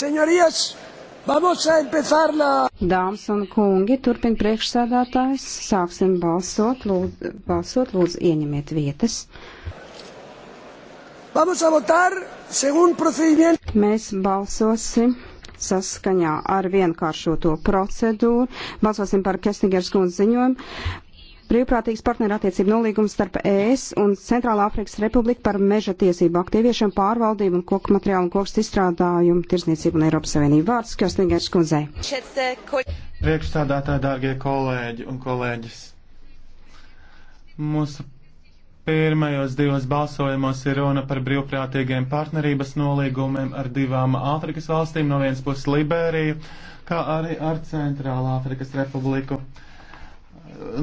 Señorías, vamos a empezar la... Dāmas un kungi, turpin priekšsēdētājs, sāksim balsot, lūdzu, balsot, lūdzu ieņemiet vietas. Vamos a votar según procedimiento. Mēs balsosim saskaņā ar vienkāršoto procedūru. Balsosim par Kestingers kundzes ziņojumu brīvprātīgs partnerattiecību nolīgums starp ES un Centrālā Afrikas Republiku par meža tiesību aktīviešanu pārvaldību un koku materiālu un koks izstrādājumu tirsniecību un Eiropas Savienību. Vārds Kjostingers kundzei. Priekšstādātāji, dārgie kolēģi un kolēģis. Mūsu Pirmajos divos balsojumos ir runa par brīvprātīgiem partnerības nolīgumiem ar divām Āfrikas valstīm, no vienas puses Liberiju, kā arī ar Centrālā Āfrikas Republiku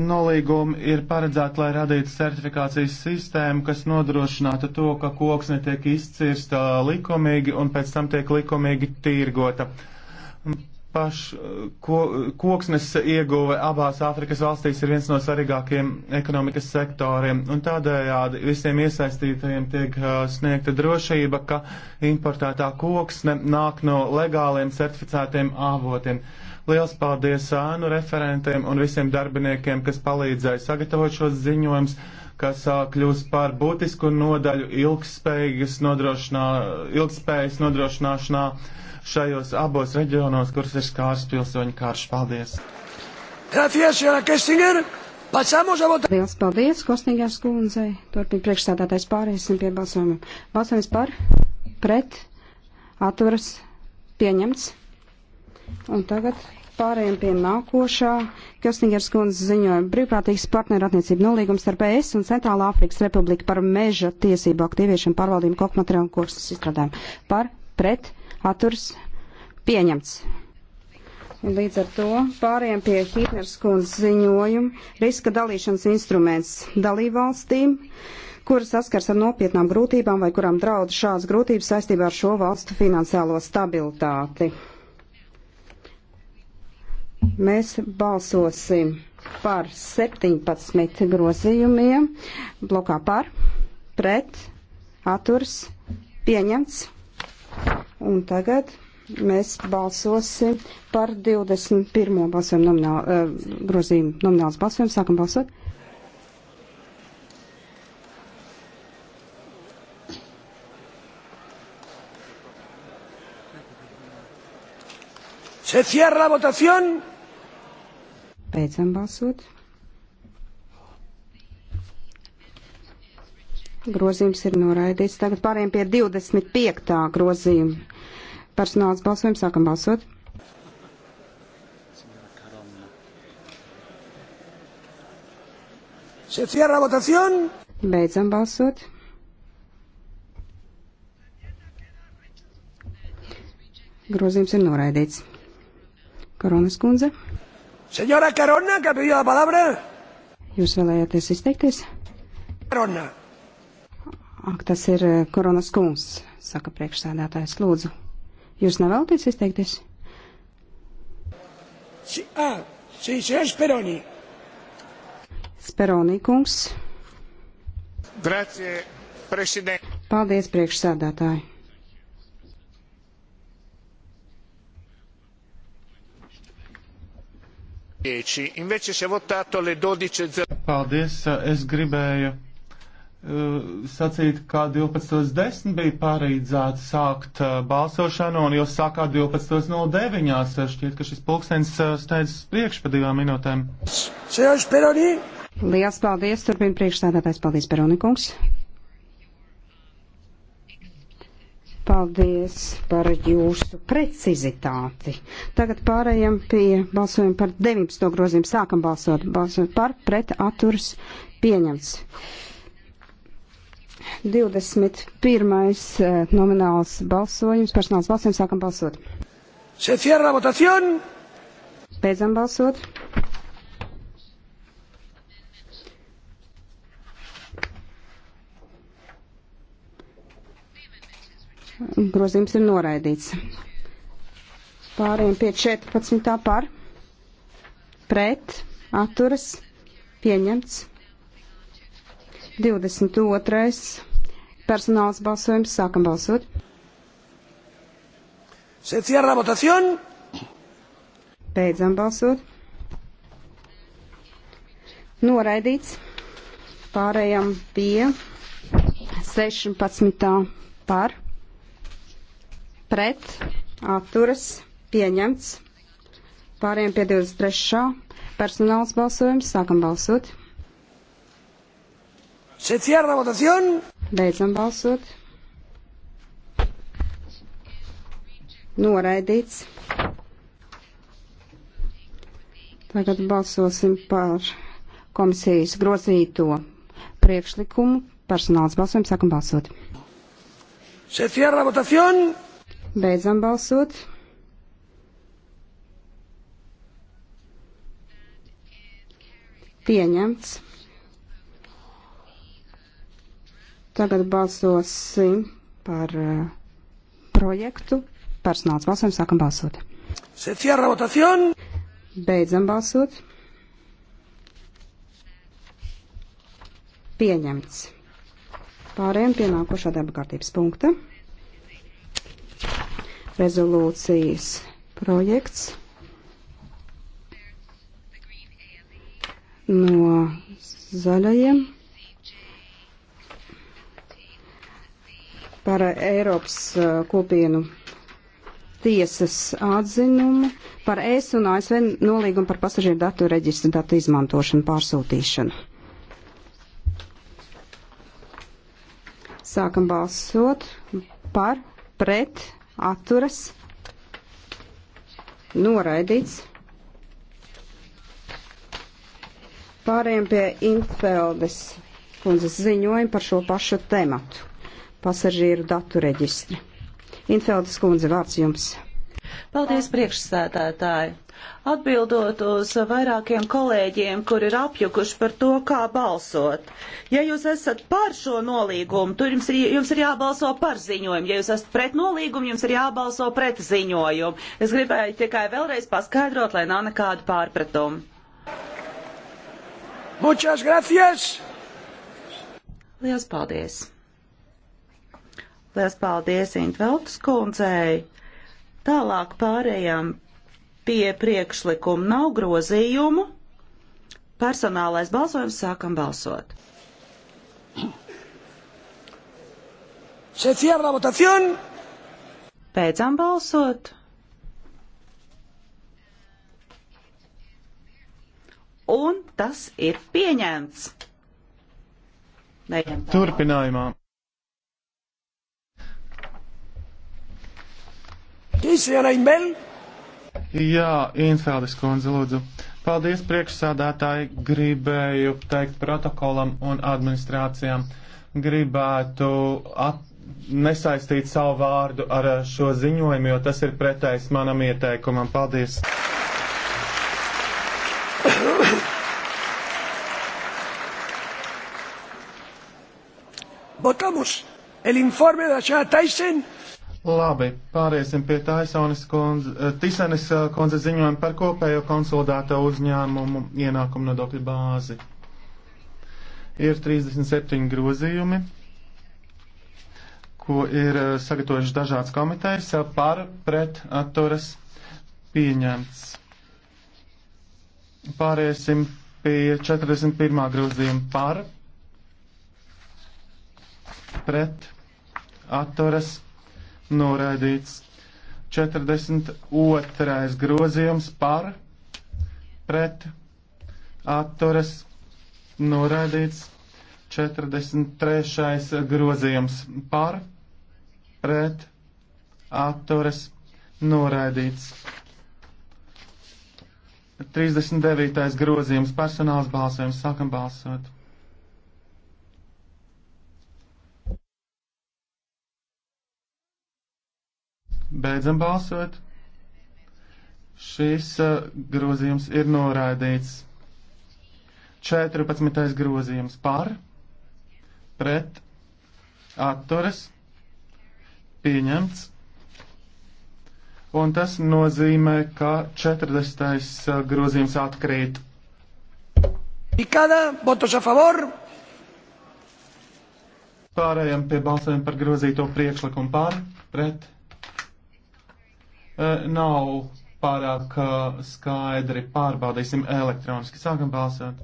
nolīgumi ir paredzēti, lai radītu certifikācijas sistēmu, kas nodrošinātu to, ka koks netiek izcirsta likumīgi un pēc tam tiek likumīgi tīrgota. Paš ko, koksnes ieguve abās Āfrikas valstīs ir viens no svarīgākajiem ekonomikas sektoriem, un tādējādi visiem iesaistītajiem tiek uh, sniegta drošība, ka importētā koksne nāk no legāliem certificētiem avotiem. Uh, Liels paldies ānu referentiem un visiem darbiniekiem, kas palīdzēja sagatavot šos ziņojumus, kas kļūs par būtisku nodaļu ilgspējas nodrošinā, ilgspējas nodrošināšanā šajos abos reģionos, kuras ir skārs pilsoņu kārš. Paldies! Gracias, Liels paldies, Kostīgās kundzei. Turpin priekšstādātais pārēsim pie balsojumiem. Balsojums par, pret, atturas, pieņemts. Un tagad pārējiem pie nākošā Kjostingers kundzes ziņojuma brīvprātīgs partneru attiecību nolīgums starp ES un Centrālā Afrikas Republika par meža tiesību aktīviešanu pārvaldību kokmateriālu un koksnes izstrādājumu. Par, pret, atturs, pieņemts. Un līdz ar to pārējiem pie Hītners kundzes ziņojuma riska dalīšanas instruments dalībvalstīm kuras saskars ar nopietnām grūtībām vai kurām draud šādas grūtības saistībā ar šo valstu finansiālo stabilitāti. Mēs balsosim par 17 grozījumiem blokā par, pret, aturs, pieņemts. Un tagad mēs balsosim par 21. balsojumu nominālu, uh, eh, grozījumu nomināls balsojumu. Sākam balsot. Se cierra la votación. Beidzam balsot. Grozījums ir noraidīts. Tagad pārējiem pie 25. grozījuma. Personāls balsojums sākam balsot. Se cierra votación. Beidzam balsot. Grozījums ir noraidīts. Koronas kundze. Senora Karona, kā bija palabra? Jūs vēlējāties izteikties? Karona. Ak, tas ir eh, koronas kungs, saka priekšsēdētājs. Lūdzu, jūs nevēlaties izteikties? Si, ah, si, si, Speroni. Speroni kungs. Grazie, prezident. Paldies, priekšsēdētāji. E paldies, es gribēju eh, sacīt, ka 12.10 bija pārīdzēts sākt eh, balsošanu, un jūs sākāt 12.09. Eh, šķiet, ka šis pulkstenis steidzas priekš pa divām minūtēm. Lielas paldies, turpina priekšstādātājs. Paldies, Peronikungs. Paldies par jūsu precizitāti. Tagad pārējām pie balsojuma par 19. grozījumu. Sākam balsot. Balsot par, pret, atturs, pieņemts. 21. Eh, nomināls balsojums, personāls balsojums. Sākam balsot. Se cierra votación. Beidzam balsot. Grozījums ir noraidīts. Pārējiem pie 14. par. Pret. Atturas. Pieņemts. 22. Personāls balsojums. Sākam balsot. Se cierra votación. Beidzam balsot. Noraidīts. Pārējām pie 16. par pret atturas pieņemts. Pāriem pie 23. personāls balsojums. Sākam balsot. Se cierra la votación. Beidzam balsot. Noraidīts. Tagad balsosim par komisijas grozīto priekšlikumu. Personāls balsojums sākam balsot. Se cierra la votación. Beidzam balsot. Pieņemts. Tagad balsosim par uh, projektu. Personāls balsojums sākam balsot. Se cierra votación. Beidzam balsot. Pieņemts. Pārējiem pie nākošā darba kārtības punkta rezolūcijas projekts no zaļajiem par Eiropas uh, kopienu tiesas atzinumu par ES un ASV nolīgumu par pasažieru datu reģistru datu izmantošanu pārsūtīšanu. Sākam balsot par pret atturas, noraidīts. Pārējiem pie Intfeldes kundzes ziņojuma par šo pašu tematu - pasažieru datu reģistri. Intfeldes kundze, vārds jums. Paldies, priekšsēdētāji! Atbildot uz vairākiem kolēģiem, kur ir apjukuši par to, kā balsot. Ja jūs esat par šo nolīgumu, tad jums, ir, jums ir jābalso par ziņojumu. Ja jūs esat pret nolīgumu, jums ir jābalso pret ziņojumu. Es gribēju tikai vēlreiz paskaidrot, lai nav nekādu pārpratumu. Muchas gracias! Lielas paldies! Lielas paldies Intveltas kundzei! Tālāk pārējām pie priekšlikuma nav grozījumu. Personālais balsojums sākam balsot. Se cierra la votación. Beidzam balsot. Un tas ir pieņemts. Turpinājumā. Sí, señora Inbel. Jā, Infeldes kundze, lūdzu. Paldies priekšsādātāji, gribēju teikt protokolam un administrācijām. Gribētu at, nesaistīt savu vārdu ar šo ziņojumu, jo tas ir pretējs manam ieteikumam. Paldies! Votamos el informe de la señora Tyson Labi, pāriesim pie Taisonis kundze, eh, Tisenes eh, kundze ziņojuma par kopējo konsolidēto uzņēmumu ienākumu nodokļu bāzi. Ir 37 grozījumi, ko ir eh, sagatavojuši dažādas komitejas par pret atturas pieņemts. Pāriesim pie 41. grozījuma par pret atturas pieņemts noraidīts. 42. grozījums par, pret, atturas, noraidīts. 43. grozījums par, pret, atturas, noraidīts. 39. grozījums personāls balsojums. Sākam balsot. Beidzam balsot. Šis uh, grozījums ir noraidīts. 14. grozījums par, pret, atturas, pieņemts. Un tas nozīmē, ka 40. Uh, grozījums atkrīt. Pikada, votos a favor. Pārējām pie balsojuma par grozīto priekšlikumu par, pret, Eh, nav pārāk eh, skaidri. Pārbaudīsim elektroniski. Sākam balsot.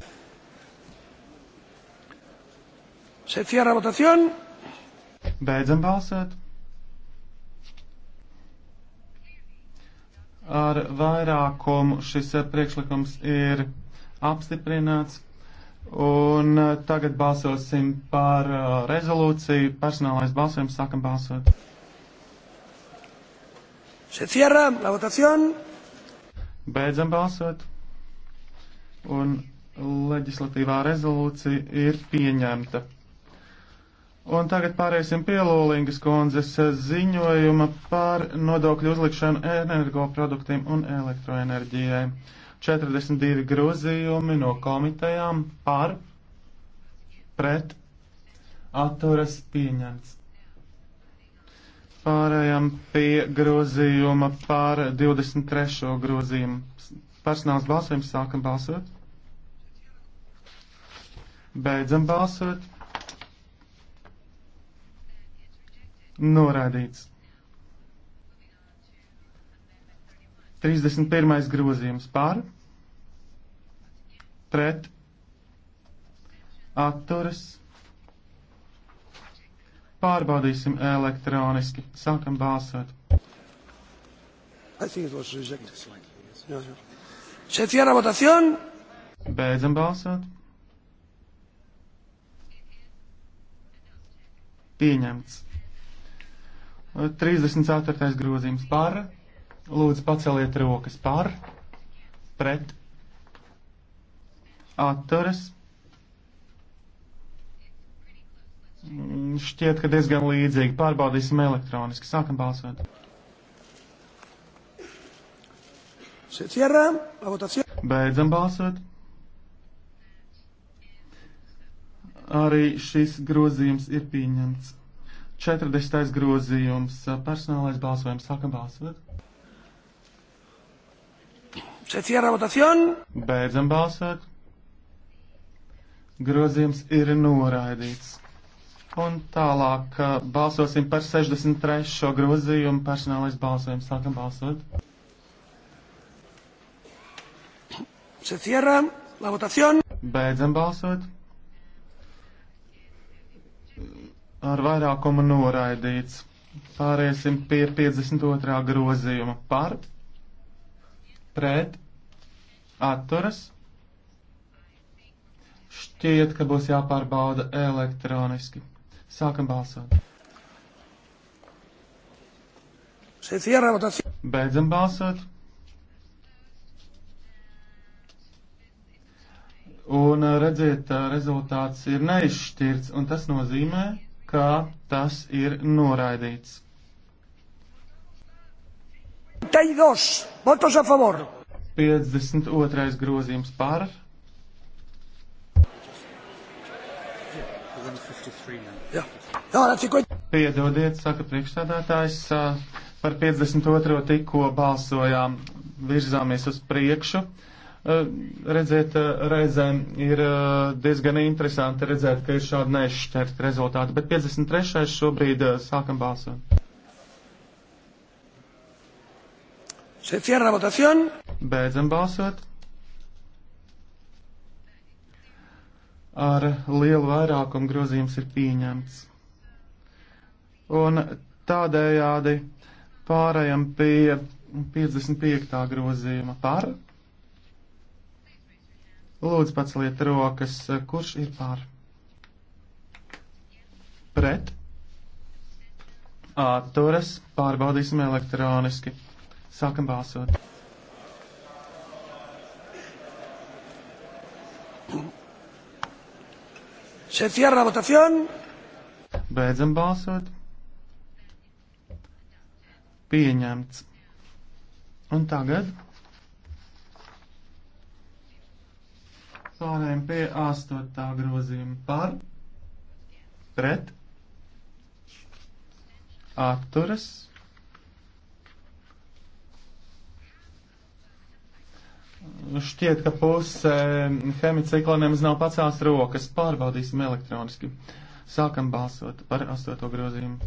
Se cierra votación. Beidzam balsot. Ar vairākumu šis eh, priekšlikums ir apstiprināts. Un tagad balsosim par rezolūciju. Personālais balsojums sākam balsot. Se cierra la votación. Beidzam balsot. Un leģislatīvā rezolūcija ir pieņemta. Un tagad pāriesim pie Lūlingas kundzes ziņojuma par nodokļu uzlikšanu energoproduktiem un elektroenerģijai. 42 grozījumi no komitejām par, pret, atturas pieņemts. Pārējām pie grozījuma pār 23. grozījumu. Personāls balsojums sākam balsot. Beidzam balsot. Norādīts. 31. grozījums pār, pret, atturas, Pārbaudīsim elektroniski. Sākam balsot. Se cierra votación. Beidzam balsot. Pieņemts. 34. grozījums par. Lūdzu, paceliet rokas par, pret, atturas šķiet, ka diezgan līdzīgi. Pārbaudīsim elektroniski. Sākam balsot. Beidzam balsot. Arī šis grozījums ir pieņemts. 40. grozījums - personālais balsojums. Sākam balsot. Beidzam balsot. Grozījums ir noraidīts. Un tālāk uh, balsosim par 63. grozījumu personālais balsojums. Sākam balsot. Se cierra la votación. Beidzam balsot. Ar vairākumu noraidīts. Pāriesim pie 52. grozījuma par, pret, atturas. Šķiet, ka būs jāpārbauda elektroniski. Sākam balsot. Beidzam balsot. Un uh, redziet, uh, rezultāts ir neizšķirts, un tas nozīmē, ka tas ir noraidīts. 52 votos a favor. 52. grozījums par, Jā, jā cik... Piedodiet, saka priekšstādātājs, par 52. tikko balsojām, virzāmies uz priekšu. Redzēt, reizēm ir diezgan interesanti redzēt, ka ir šādi nešķērti rezultāti, bet 53. šobrīd sākam balsot. Se cierra votación. Beidzam balsot. ar lielu vairākumu grozījums ir pieņemts. Un tādējādi pārējām pie 55. grozījuma par. Lūdzu, paceliet rokas, kurš ir par? Pret. Atturas pārbaudīsim elektroniski. Sākam balsot. Se cierra votación. Beidzam balsot. Pieņemts. Un tagad pārējām pie astotā grozījuma par, pret, atturas, Nu, šķiet, ka puse hemicikla nemaz nav pacēls rokas. Pārbaudīsim elektroniski. Sākam balsot par astoto grozījumu.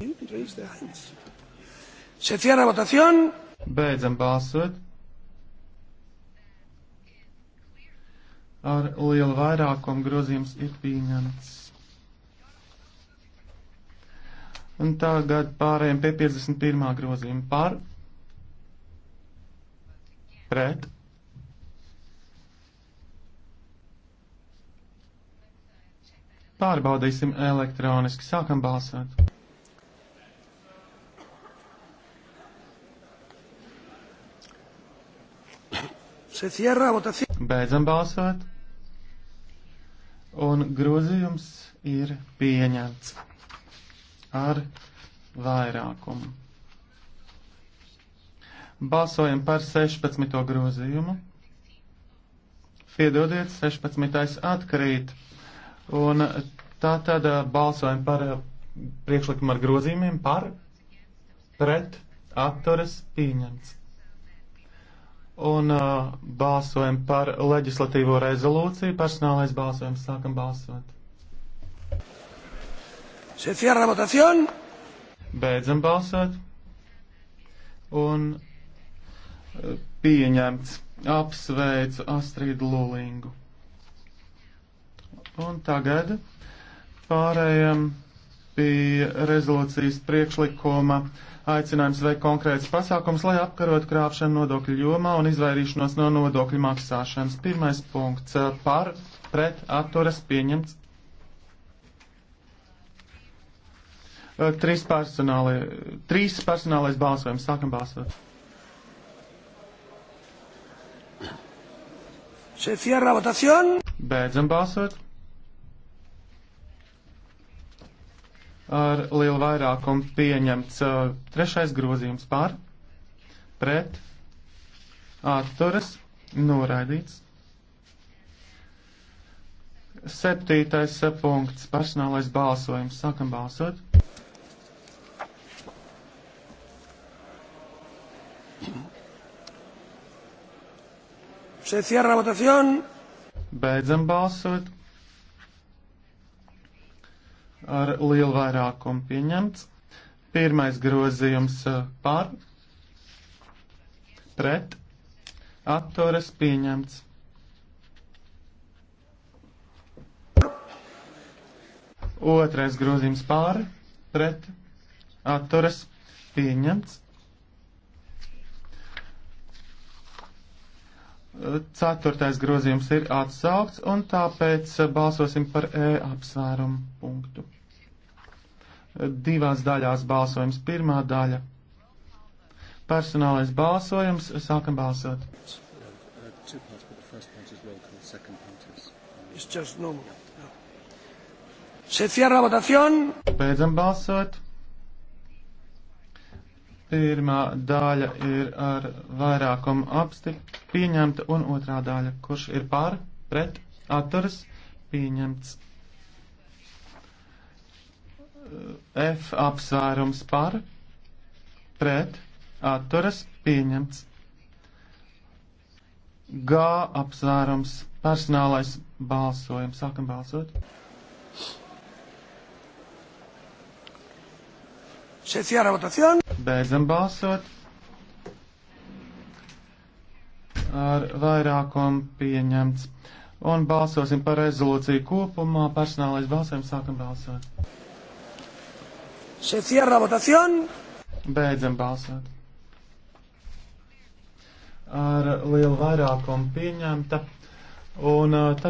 Beidzam balsot. Ar lielu vairākumu grozījums ir pieņemts. Un tagad pārējiem pie 51. grozījuma par pret Pārbaudīsim elektroniski. Sākam balsot. Beidzam balsot. Un grozījums ir pieņemts ar vairākumu. Balsojam par 16. grozījumu. Piedodiet, 16. atkrīt. Un tā tad uh, balsojam par uh, priekšlikumu ar grozījumiem par, pret, atturas pieņemts. Un uh, balsojam par leģislatīvo rezolūciju. Personālais balsojums sākam balsot. Se cierra votación. Beidzam balsot. Un uh, pieņemts. Apsveicu Astrīdu Lulingu. Un tagad pārējām pie rezolūcijas priekšlikuma aicinājums veikt konkrēts pasākums, lai apkarotu krāpšanu nodokļu jomā un izvairīšanos no nodokļu maksāšanas. Pirmais punkts par pret atturas pieņemts. Trīs, personāli, trīs personālais balsojums. Sākam balsot. Se cierra votación. Beidzam balsot. ar lielu vairākumu pieņemts uh, trešais grozījums pār, pret, atturas, noraidīts. Septītais uh, punkts - personālais balsojums. Sākam balsot. Se cierra votación. Beidzam balsot ar lielu vairākumu pieņemts. Pirmais grozījums eh, par, pret, atturas pieņemts. Otrais grozījums pāri, pret, atturas pieņemts. Ceturtais grozījums ir atsaukts, un tāpēc balsosim par E apsvērumu punktu. Divās daļās balsojums. Pirmā daļa. Personālais balsojums. Sākam balsot. Beidzam balsot. Pirmā daļa ir ar vairākumu apstiprināt, pieņemta, un otrā daļa, kurš ir pār, pret, atturas, pieņemts. F apsvērums par, pret, atturas, pieņemts. G apsvērums personālais balsojums. Sākam balsot. Beidzam balsot. Ar vairākumu pieņemts. Un balsosim par rezolūciju kopumā. Personālais balsojums sākam balsot. Se cierra votación. Beidzam balsot. Ar lielu vairākumu pieņemta. Un, uh,